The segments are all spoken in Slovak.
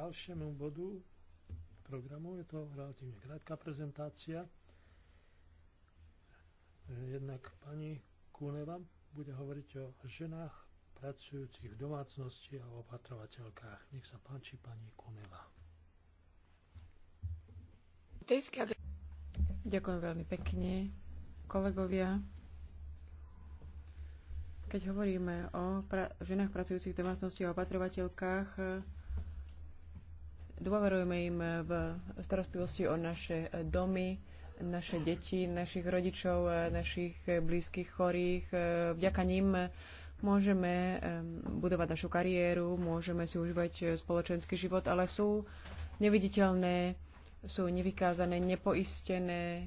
ďalšiemu bodu programu. Je to relatívne krátka prezentácia. Jednak pani Kuneva bude hovoriť o ženách pracujúcich v domácnosti a opatrovateľkách. Nech sa páči pani Kuneva. Ďakujem veľmi pekne, kolegovia. Keď hovoríme o pra- ženách pracujúcich v domácnosti a opatrovateľkách, Dôverujeme im v starostlivosti o naše domy, naše deti, našich rodičov, našich blízkych chorých. Vďaka ním môžeme budovať našu kariéru, môžeme si užívať spoločenský život, ale sú neviditeľné, sú nevykázané, nepoistené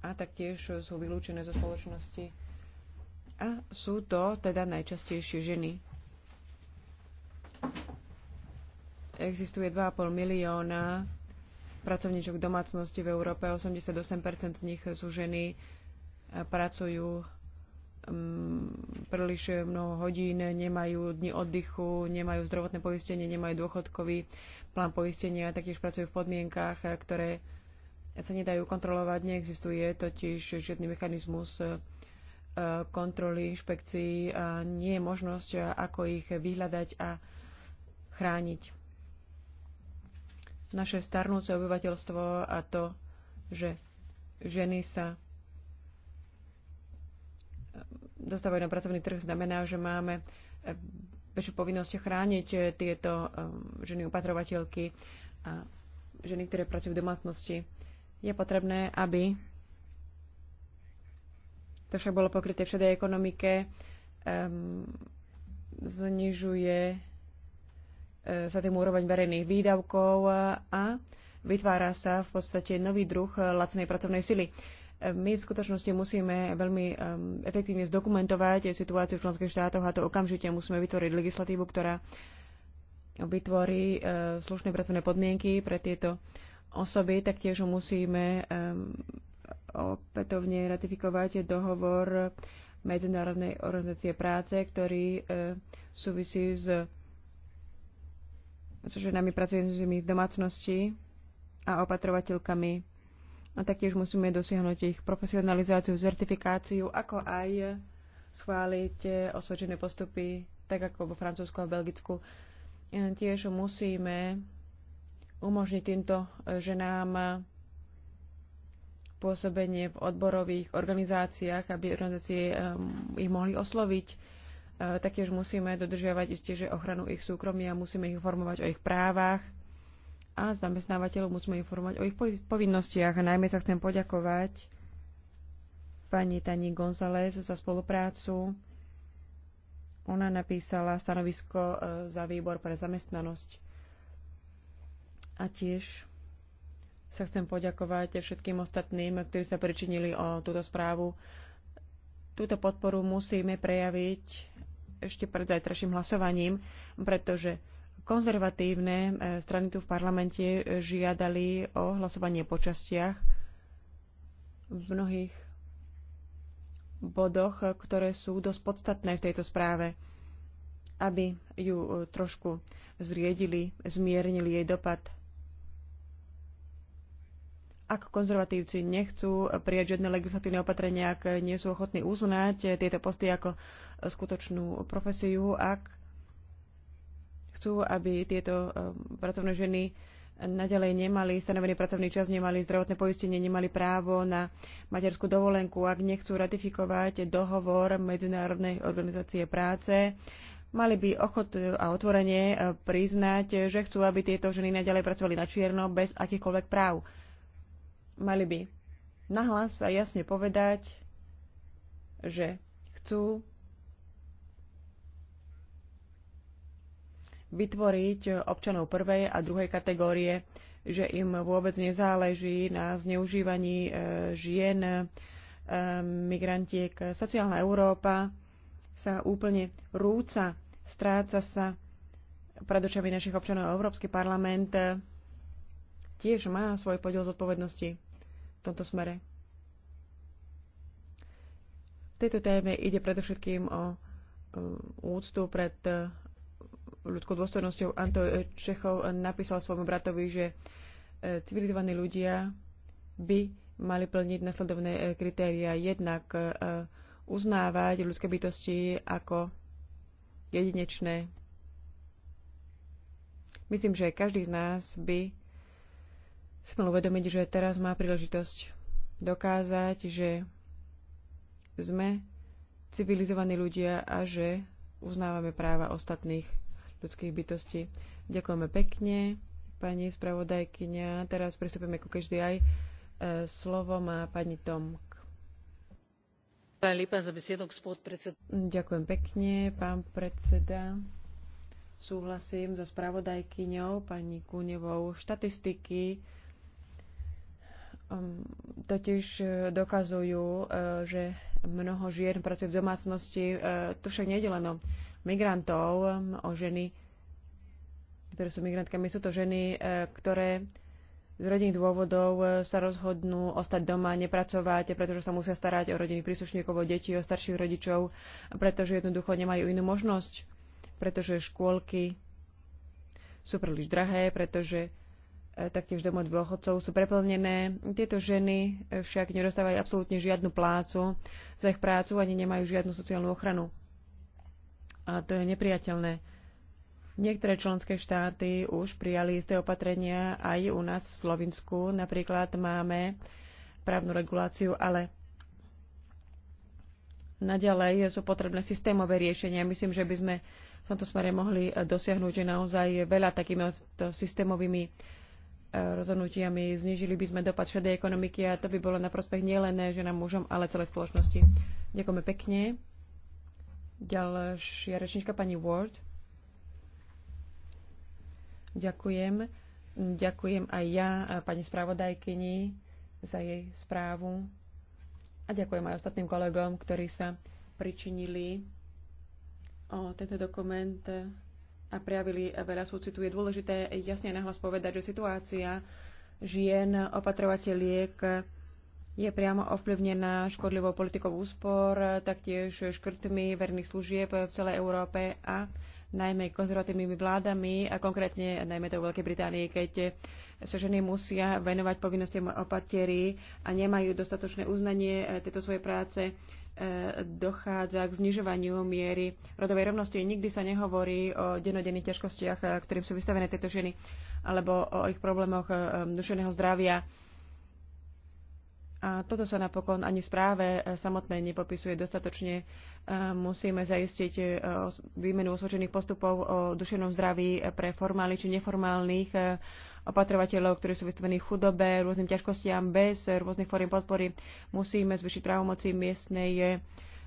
a taktiež sú vylúčené zo spoločnosti. A sú to teda najčastejšie ženy. Existuje 2,5 milióna pracovníčok v domácnosti v Európe, 88% z nich sú ženy, pracujú um, príliš mnoho hodín, nemajú dni oddychu, nemajú zdravotné poistenie, nemajú dôchodkový plán poistenia, taktiež pracujú v podmienkách, ktoré sa nedajú kontrolovať, neexistuje totiž žiadny mechanizmus e, kontroly, inšpekcií, nie je možnosť, ako ich vyhľadať a chrániť naše starnúce obyvateľstvo a to, že ženy sa dostávajú na pracovný trh, znamená, že máme eh, väčšiu povinnosť chrániť eh, tieto eh, ženy upatrovateľky a ženy, ktoré pracujú v domácnosti. Je potrebné, aby to však bolo pokryté všedej ekonomike, um, znižuje E, sa tým úroveň verejných výdavkov a vytvára sa v podstate nový druh e, lacnej pracovnej sily. E, my v skutočnosti musíme veľmi efektívne zdokumentovať situáciu v členských štátoch a to okamžite musíme vytvoriť legislatívu, ktorá vytvorí slušné pracovné podmienky pre tieto osoby. Taktiež musíme opätovne ratifikovať dohovor Medzinárodnej organizácie práce, ktorý súvisí s so ženami pracujúcimi v domácnosti a opatrovateľkami. A taktiež musíme dosiahnuť ich profesionalizáciu, certifikáciu, ako aj schváliť eh, osvedčené postupy, tak ako vo Francúzsku a Belgicku. Eh, tiež musíme umožniť týmto eh, ženám pôsobenie v odborových organizáciách, aby organizácie ich mohli osloviť E, taktiež musíme dodržiavať istie že ochranu ich súkromia, musíme ich informovať o ich právach a zamestnávateľov musíme informovať o ich povinnostiach. A najmä sa chcem poďakovať pani Tani González za spoluprácu. Ona napísala stanovisko e, za výbor pre zamestnanosť. A tiež sa chcem poďakovať všetkým ostatným, ktorí sa pričinili o túto správu. Túto podporu musíme prejaviť ešte pred zajtraším hlasovaním, pretože konzervatívne e, strany tu v parlamente žiadali o hlasovanie po častiach v mnohých bodoch, ktoré sú dosť podstatné v tejto správe, aby ju e, trošku zriedili, zmiernili jej dopad ak konzervatívci nechcú prijať žiadne legislatívne opatrenia, ak nie sú ochotní uznať tieto posty ako skutočnú profesiu, ak chcú, aby tieto eh, pracovné ženy naďalej nemali stanovený pracovný čas, nemali zdravotné poistenie, nemali právo na materskú dovolenku, ak nechcú ratifikovať dohovor Medzinárodnej organizácie práce, mali by ochot a otvorenie eh, priznať, že chcú, aby tieto ženy naďalej pracovali na čierno bez akýchkoľvek práv mali by nahlas a jasne povedať, že chcú vytvoriť občanov prvej a druhej kategórie, že im vôbec nezáleží na zneužívaní e, žien, e, migrantiek. Sociálna Európa sa úplne rúca, stráca sa pred očami našich občanov. Európsky parlament tiež má svoj podiel zodpovednosti v tomto smere. V tejto téme ide predovšetkým o um, úctu pred uh, ľudskou dôstojnosťou. Anto Čechov napísal svojmu bratovi, že uh, civilizovaní ľudia by mali plniť nasledovné uh, kritéria. Jednak uznávať ľudské bytosti ako jedinečné. Myslím, že každý z nás by mal uvedomiť, že teraz má príležitosť dokázať, že sme civilizovaní ľudia a že uznávame práva ostatných ľudských bytostí. Ďakujeme pekne, pani spravodajkyňa. Teraz pristúpime ku každý aj. E, slovo má pani Tomk. Ďakujem pekne, pán predseda. Súhlasím so spravodajkyňou pani Kunevou. Štatistiky Ehm, totiž e, dokazujú, e, že mnoho žien pracuje v domácnosti. E, to však je len o migrantov, ehm, o ženy, ktoré sú migrantkami. Sú to ženy, ktoré z rodinných dôvodov sa rozhodnú ostať doma, nepracovať, pretože sa musia starať o rodinných príslušníkov, o deti, o starších rodičov, pretože jednoducho nemajú inú možnosť, pretože škôlky sú príliš drahé, pretože E, taktiež domov dôchodcov sú preplnené. Tieto ženy však nedostávajú absolútne žiadnu plácu za ich prácu ani nemajú žiadnu sociálnu ochranu. A to je nepriateľné. Niektoré členské štáty už prijali isté opatrenia aj u nás v Slovensku. Napríklad máme právnu reguláciu, ale naďalej sú potrebné systémové riešenia. Myslím, že by sme v tomto smere mohli dosiahnuť že naozaj veľa takými systémovými rozhodnutiami, znižili by sme dopad šedej ekonomiky a to by bolo na prospech nielen ženám, mužom, ale celej spoločnosti. Ďakujeme pekne. Ďalšia rečnička pani Ward. Ďakujem. Ďakujem aj ja pani spravodajkyni za jej správu a ďakujem aj ostatným kolegom, ktorí sa pričinili o tento dokument a prejavili veľa súcitu, je dôležité jasne nahlas povedať, že situácia žien opatrovateľiek je priamo ovplyvnená škodlivou politikou úspor, taktiež škrtmi verných služieb v celej Európe a najmä konzervatívnymi vládami a konkrétne najmä to v Veľkej Británii, keď sa ženy musia venovať povinnostiam opatery a nemajú dostatočné uznanie eh, tejto svojej práce dochádza k znižovaniu miery rodovej rovnosti. Nikdy sa nehovorí o denodenných ťažkostiach, ktorým sú vystavené tieto ženy, alebo o ich problémoch eh, dušeného zdravia. A toto sa napokon ani v správe e, samotné nepopisuje dostatočne. E, musíme zaistiť e, výmenu osvedčených postupov o duševnom zdraví pre formálnych či neformálnych opatrovateľov, ktorí sú vystavení chudobe, rôznym ťažkostiam bez rôznych fóriem podpory. Musíme zvyšiť právomoci miestnej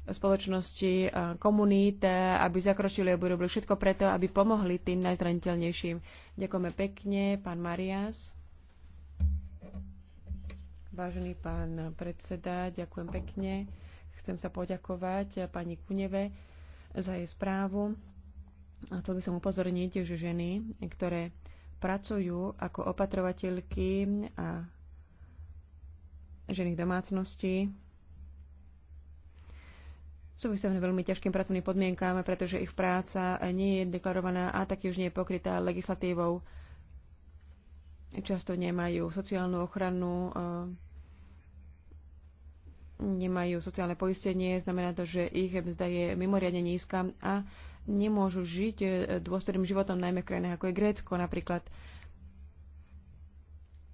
spoločnosti, komunít, aby zakročili a robili všetko preto, aby pomohli tým najzraniteľnejším. Ďakujeme pekne, pán Marias. Vážený pán predseda, ďakujem pekne. Chcem sa poďakovať pani Kuneve za jej správu. A chcel by som upozorniť, že ženy, ktoré pracujú ako opatrovateľky a ženy v domácnosti, sú vystavené veľmi ťažkým pracovným podmienkám, pretože ich práca nie je deklarovaná a taktiež nie je pokrytá legislatívou. Často nemajú sociálnu ochranu, e, nemajú sociálne poistenie, znamená to, že ich mzda je mimoriadne nízka a nemôžu žiť e, dôstojným životom, najmä v krajinách ako je Grécko napríklad.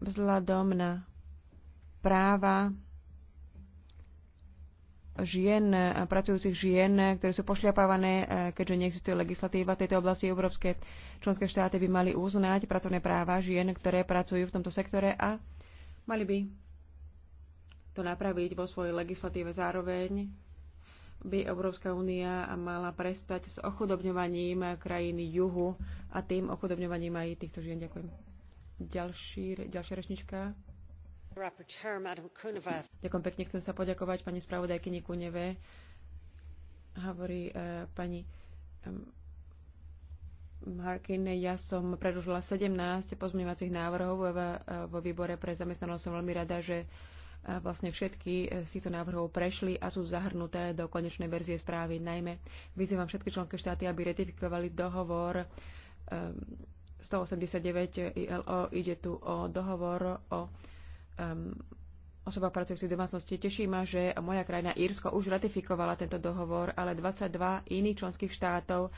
Vzhľadom na práva žien, pracujúcich žien, ktoré sú pošľapávané, e, keďže neexistuje legislatíva v tejto oblasti. Európske členské štáty by mali uznať pracovné práva žien, ktoré pracujú v tomto sektore a mali by to napraviť vo svojej legislatíve zároveň by Európska únia mala prestať s ochudobňovaním krajiny juhu a tým ochudobňovaním aj týchto žien. Ďakujem. Ďalší, ďalšia rečnička. Ďakujem pekne, chcem sa poďakovať pani spravodajkyni Kuneve. Hovorí uh, pani um, ja som predložila 17 pozmeňovacích návrhov e, vo výbore pre zamestnanosť. Som veľmi rada, že e, vlastne všetky z týchto návrhov prešli a sú zahrnuté do konečnej verzie správy. Najmä vyzývam všetky členské štáty, aby ratifikovali dohovor 189 ILO. Ide tu o dohovor o um, osoba pracujúcich v domácnosti. Teší ma, že moja krajina Írsko už ratifikovala tento dohovor, ale 22 iných členských štátov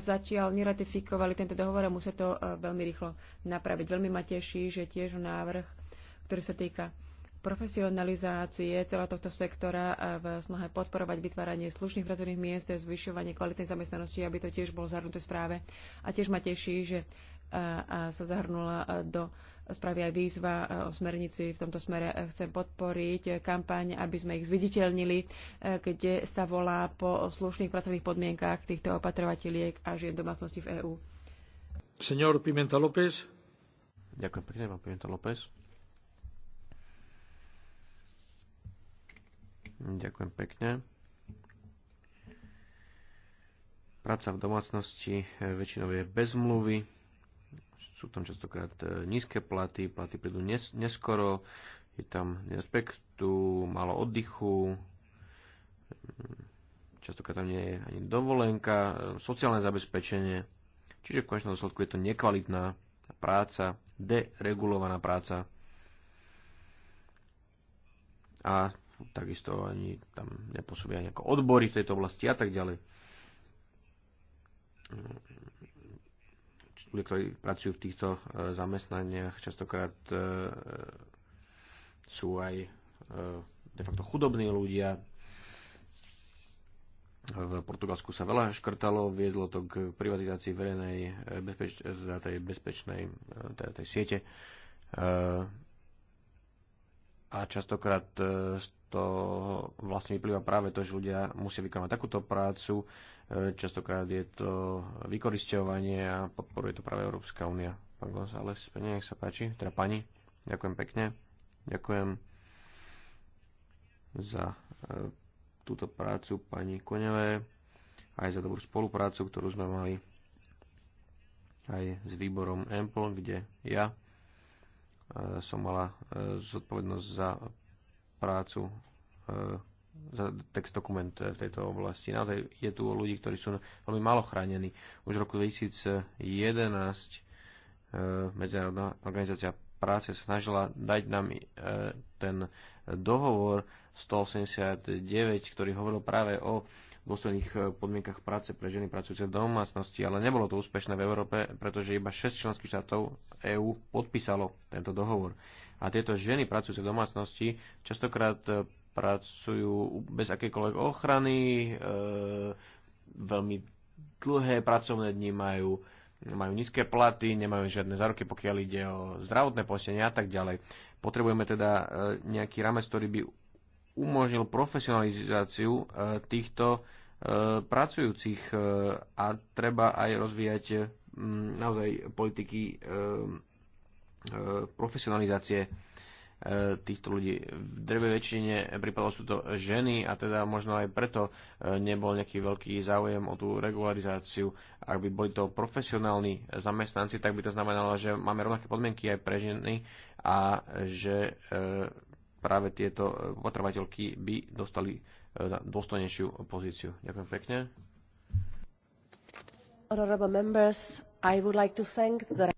zatiaľ neratifikovali tento dohovor a musia to eh, veľmi rýchlo napraviť. Veľmi ma teší, že tiež návrh, ktorý sa týka profesionalizácie celého tohto sektora eh, v snahe podporovať vytváranie slušných pracovných miest, zvyšovanie kvalitnej zamestnanosti, aby to tiež bolo zahrnuté správe. A tiež ma teší, že a, eh, a sa zahrnula do spraví aj výzva e, o smernici. V tomto smere e, chcem podporiť e, kampaň, aby sme ich zviditeľnili, kde sa volá po slušných pracovných podmienkách týchto opatrovateľiek a žien domácnosti v EÚ. Senor Pimenta López. Ďakujem pekne, pán Pimenta López. Ďakujem pekne. Práca v domácnosti väčšinou je bez mluvy, sú tam častokrát e, nízke platy, platy prídu nes- neskoro, je tam respektu, málo oddychu, mm, častokrát tam nie je ani dovolenka, e, sociálne zabezpečenie. Čiže v konečnom dôsledku je to nekvalitná práca, deregulovaná práca. A takisto ani tam nepôsobia nejaké odbory v tejto oblasti a tak ďalej mm ľudia, ktorí pracujú v týchto e, zamestnaniach, častokrát e, sú aj e, de facto chudobní ľudia. V Portugalsku sa veľa škrtalo, viedlo to k privatizácii verejnej bezpeč- teda tej bezpečnej teda tej siete a častokrát to vlastne vyplýva práve to, že ľudia musia vykonať takúto prácu. E, častokrát je to vykoristovanie a podporuje to práve Európska únia. Pán González, nech sa páči, teda pani, ďakujem pekne, ďakujem za e, túto prácu pani Koneve, aj za dobrú spoluprácu, ktorú sme mali aj s výborom EMPL, kde ja e, som mala zodpovednosť za prácu e, za text dokument e, v tejto oblasti. Naozaj je tu ľudí, ktorí sú veľmi malo chránení. Už v roku 2011 e, Medzinárodná organizácia práce snažila dať nám ten dohovor 189, ktorý hovoril práve o dôstojných podmienkach práce pre ženy pracujúce v domácnosti, ale nebolo to úspešné v Európe, pretože iba 6 členských štátov EÚ podpísalo tento dohovor. A tieto ženy pracujúce v domácnosti častokrát e, pracujú bez akékoľvek ochrany, e, veľmi dlhé pracovné dni majú, majú nízke platy, nemajú žiadne záruky, pokiaľ ide o zdravotné poistenie a tak ďalej. Potrebujeme teda e, nejaký ramec, ktorý by umožnil profesionalizáciu e, týchto e, pracujúcich e, a treba aj rozvíjať naozaj politiky E, profesionalizácie e, týchto ľudí. V drve väčšine prípadov sú to ženy a teda možno aj preto e, nebol nejaký veľký záujem o tú regularizáciu. Ak by boli to profesionálni zamestnanci, tak by to znamenalo, že máme rovnaké podmienky aj pre ženy a že práve tieto potrebateľky by dostali dôstojnejšiu pozíciu. Ďakujem pekne. Honorable members, I would like to thank the...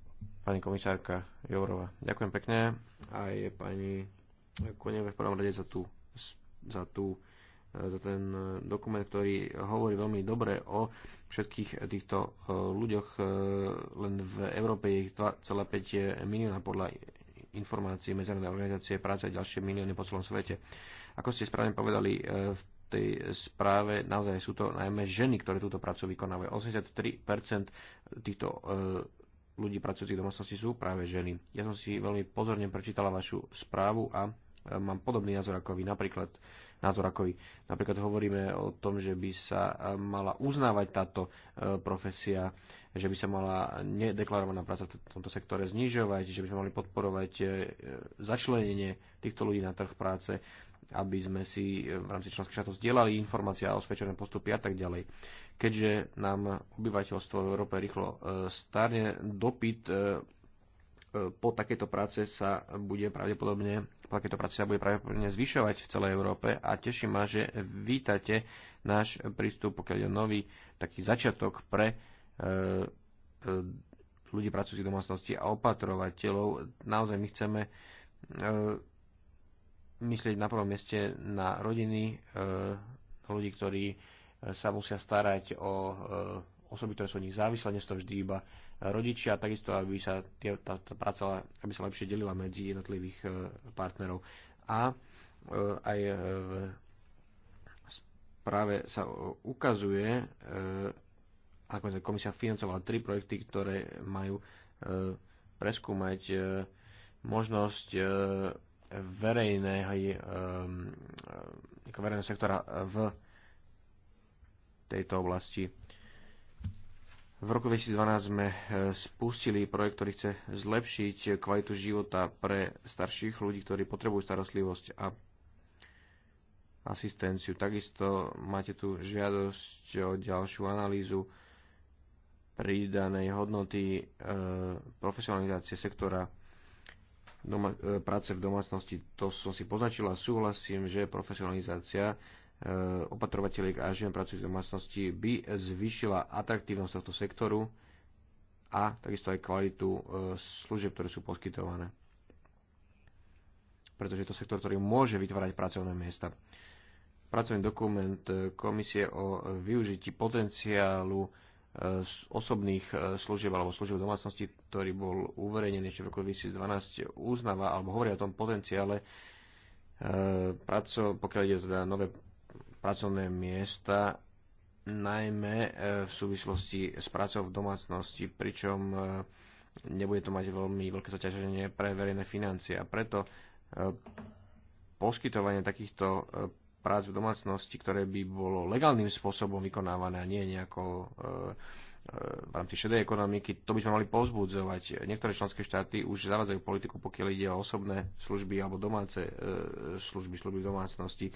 Pani komisárka, Jourova. Ďakujem pekne aj pani Koneve v prvom rade za tú, za tú za ten dokument, ktorý hovorí veľmi dobre o všetkých týchto e, ľuďoch. E, len v Európe je ich 2,5 e, milióna podľa informácií Medzinárodnej organizácie práce a ďalšie milióny po celom svete. Ako ste správne povedali, v tej správe naozaj sú to najmä ženy, ktoré túto prácu vykonávajú. 83% týchto ľudí pracujúcich domácnosti sú práve ženy. Ja som si veľmi pozorne prečítala vašu správu a e, mám podobný názor ako vy. Napríklad, názor ako vy. Napríklad hovoríme o tom, že by sa e, mala uznávať táto e, profesia, že by sa mala nedeklarovaná práca v tomto sektore znižovať, že by sme mali podporovať začlenenie týchto ľudí na trh práce aby sme si e, v rámci členských štátov zdieľali informácie a osvedčené postupy a tak ďalej. Keďže nám obyvateľstvo v Európe rýchlo e, starne, dopyt e, po takéto práce sa bude pravdepodobne po takéto práce sa bude pravdepodobne zvyšovať v celej Európe a teší ma, že vítate náš prístup, pokiaľ je nový taký začiatok pre ľudí pracujúcich domácnosti a opatrovateľov. Naozaj my chceme myslieť na prvom mieste na rodiny, e, ľudí, ktorí e, sa musia starať o e, osoby, ktoré sú od nich závislé, nie sú to vždy iba rodičia, takisto, aby sa tie, tá, tá práca aby sa lepšie delila medzi jednotlivých partnerov. A aj v správe sa ukazuje, ako sa komisia financovala tri projekty, ktoré majú preskúmať možnosť verejného, eh, ako verejného sektora v tejto oblasti. V roku 2012 sme eh, spustili projekt, ktorý chce zlepšiť kvalitu života pre starších ľudí, ktorí potrebujú starostlivosť a asistenciu. Takisto máte tu žiadosť o ďalšiu analýzu pridanej hodnoty e, profesionalizácie sektora doma, e, práce v domácnosti. To som si poznačila. Súhlasím, že profesionalizácia e, opatrovateľiek a žien pracujúcich v domácnosti by zvýšila atraktívnosť tohto sektoru a takisto aj kvalitu e, služieb, ktoré sú poskytované. Pretože je to sektor, ktorý môže vytvárať pracovné miesta. Pracovný dokument Komisie o využití potenciálu z osobných e, služieb alebo služieb domácnosti, ktorý bol uverejnený ešte v roku 2012, uznáva alebo hovorí o tom potenciále, e, praco, pokiaľ ide teda nové pracovné miesta, najmä e, v súvislosti s prácou v domácnosti, pričom nebude to mať veľmi veľké zaťaženie pre verejné financie. A preto poskytovanie takýchto prác v domácnosti, ktoré by bolo legálnym spôsobom vykonávané a nie nejako e, e, v rámci šedej ekonomiky, to by sme mali povzbudzovať. Niektoré členské štáty už zavádzajú politiku, pokiaľ ide o osobné služby alebo domáce e, služby, služby v domácnosti.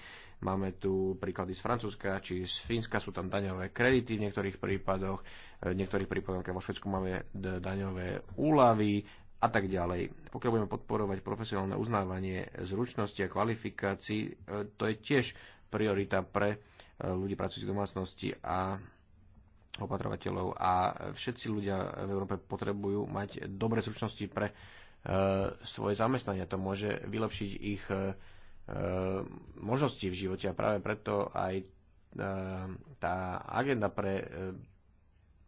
Máme tu príklady z Francúzska či z Fínska, sú tam daňové kredity v niektorých prípadoch, v niektorých prípadoch, vo Švedsku máme daňové úlavy, a tak ďalej. Pokiaľ budeme podporovať profesionálne uznávanie zručnosti a kvalifikácií, e, to je tiež priorita pre e, ľudí pracujúcich v domácnosti a opatrovateľov. A všetci ľudia v Európe potrebujú mať dobré zručnosti pre e, svoje zamestnania. To môže vylepšiť ich možnosti v živote a práve preto aj tá agenda pre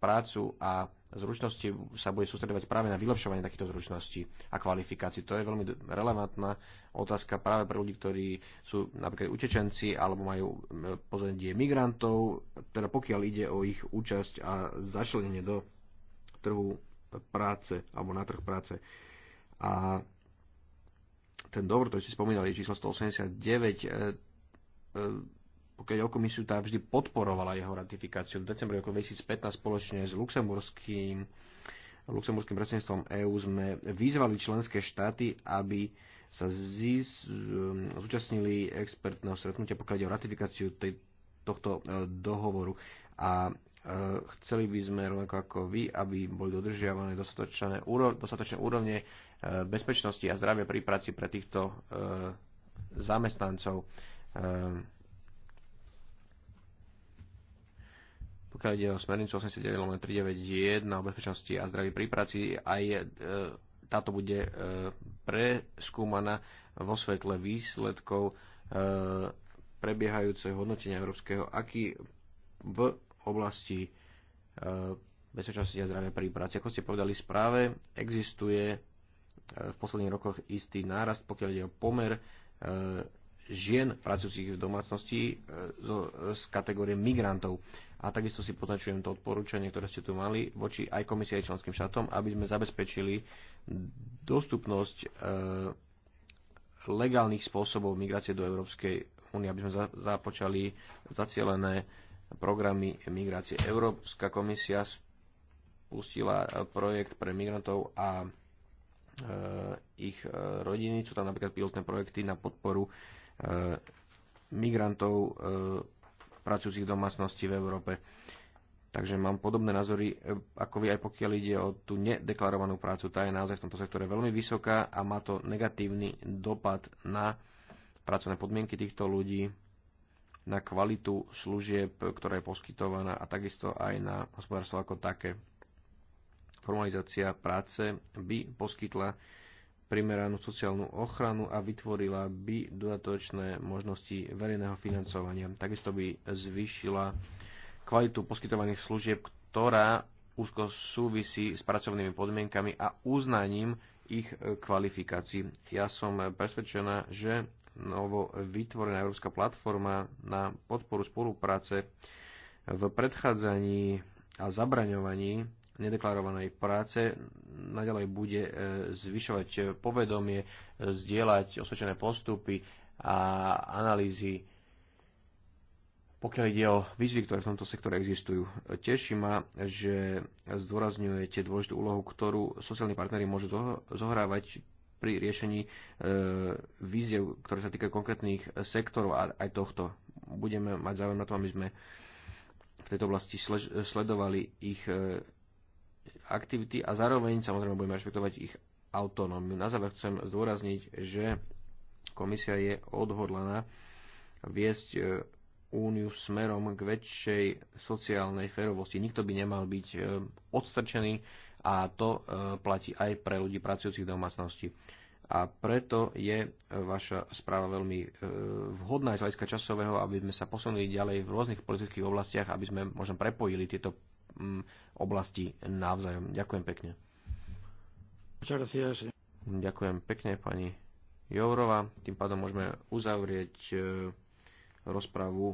prácu a zručnosti sa bude sústredovať práve na vylepšovanie takýchto zručností a kvalifikácií. To je veľmi relevantná otázka práve pre ľudí, ktorí sú napríklad utečenci alebo majú e, pozadie migrantov, teda pokiaľ ide o ich účasť a začlenenie do trhu práce alebo na trh práce. A ten dobr, ktorý ste spomínali, číslo 189, pokiaľ o komisiu, tá vždy podporovala jeho ratifikáciu. V decembri roku 2015 spoločne s luxemburským, luxemburským predsedníctvom EÚ sme vyzvali členské štáty, aby sa zís, um, zúčastnili expertného stretnutia, pokiaľ ide o ratifikáciu tej, tohto e, dohovoru. A e, chceli by sme, rovnako ako vy, aby boli dodržiavané dostatočné, úro, dostatočné úrovne e, bezpečnosti a zdravia pri práci pre týchto e, zamestnancov. E, Pokiaľ ide o smernicu 89.391 o bezpečnosti a zdraví pri práci, aj e, táto bude e, preskúmaná vo svetle výsledkov e, prebiehajúceho hodnotenia európskeho, aký v oblasti bezpečnosti a zdravia pri práci. Ako ste povedali správe, existuje v posledných rokoch istý nárast, pokiaľ ide o pomer žien pracujúcich v domácnosti z kategórie migrantov a takisto si poznačujem to odporúčanie, ktoré ste tu mali voči aj komisii aj členským štátom, aby sme zabezpečili dostupnosť e, legálnych spôsobov migrácie do Európskej únie, aby sme za, započali zacielené programy migrácie. Európska komisia spustila e, projekt pre migrantov a e, ich e, rodiny. Sú tam napríklad pilotné projekty na podporu e, migrantov e, pracujúcich domácností v Európe. Takže mám podobné názory e, ako vy, aj pokiaľ ide o tú nedeklarovanú prácu. Tá je naozaj v tomto sektore veľmi vysoká a má to negatívny dopad na pracovné podmienky týchto ľudí, na kvalitu služieb, ktorá je poskytovaná a takisto aj na hospodárstvo ako také. Formalizácia práce by poskytla primeranú sociálnu ochranu a vytvorila by dodatočné možnosti verejného financovania. Takisto by zvýšila kvalitu poskytovaných služieb, ktorá úzko súvisí s pracovnými podmienkami a uznaním ich kvalifikácií. Ja som presvedčená, že novo vytvorená európska platforma na podporu spolupráce v predchádzaní a zabraňovaní nedeklarovanej práce naďalej bude e, zvyšovať povedomie, zdieľať osvedčené postupy a analýzy, pokiaľ ide o výzvy, ktoré v tomto sektore existujú. Teší ma, že zdôrazňujete dôležitú úlohu, ktorú sociálni partnery môžu zohrávať pri riešení e, víziev, ktoré sa týkajú konkrétnych sektorov a aj tohto. Budeme mať záujem na to, aby sme v tejto oblasti sledovali ich e, aktivity a zároveň samozrejme budeme rešpektovať ich autonómiu. Na záver chcem zdôrazniť, že komisia je odhodlaná viesť e, úniu smerom k väčšej sociálnej férovosti. Nikto by nemal byť e, odstrčený a to e, platí aj pre ľudí pracujúcich domácnosti. A preto je vaša správa veľmi vhodná aj z hľadiska časového, aby sme sa posunuli ďalej v rôznych politických oblastiach, aby sme možno prepojili tieto Mm, oblasti navzájom. Ďakujem pekne. Ďakujem pekne pani Jourova. Tým pádom môžeme uzavrieť e, rozpravu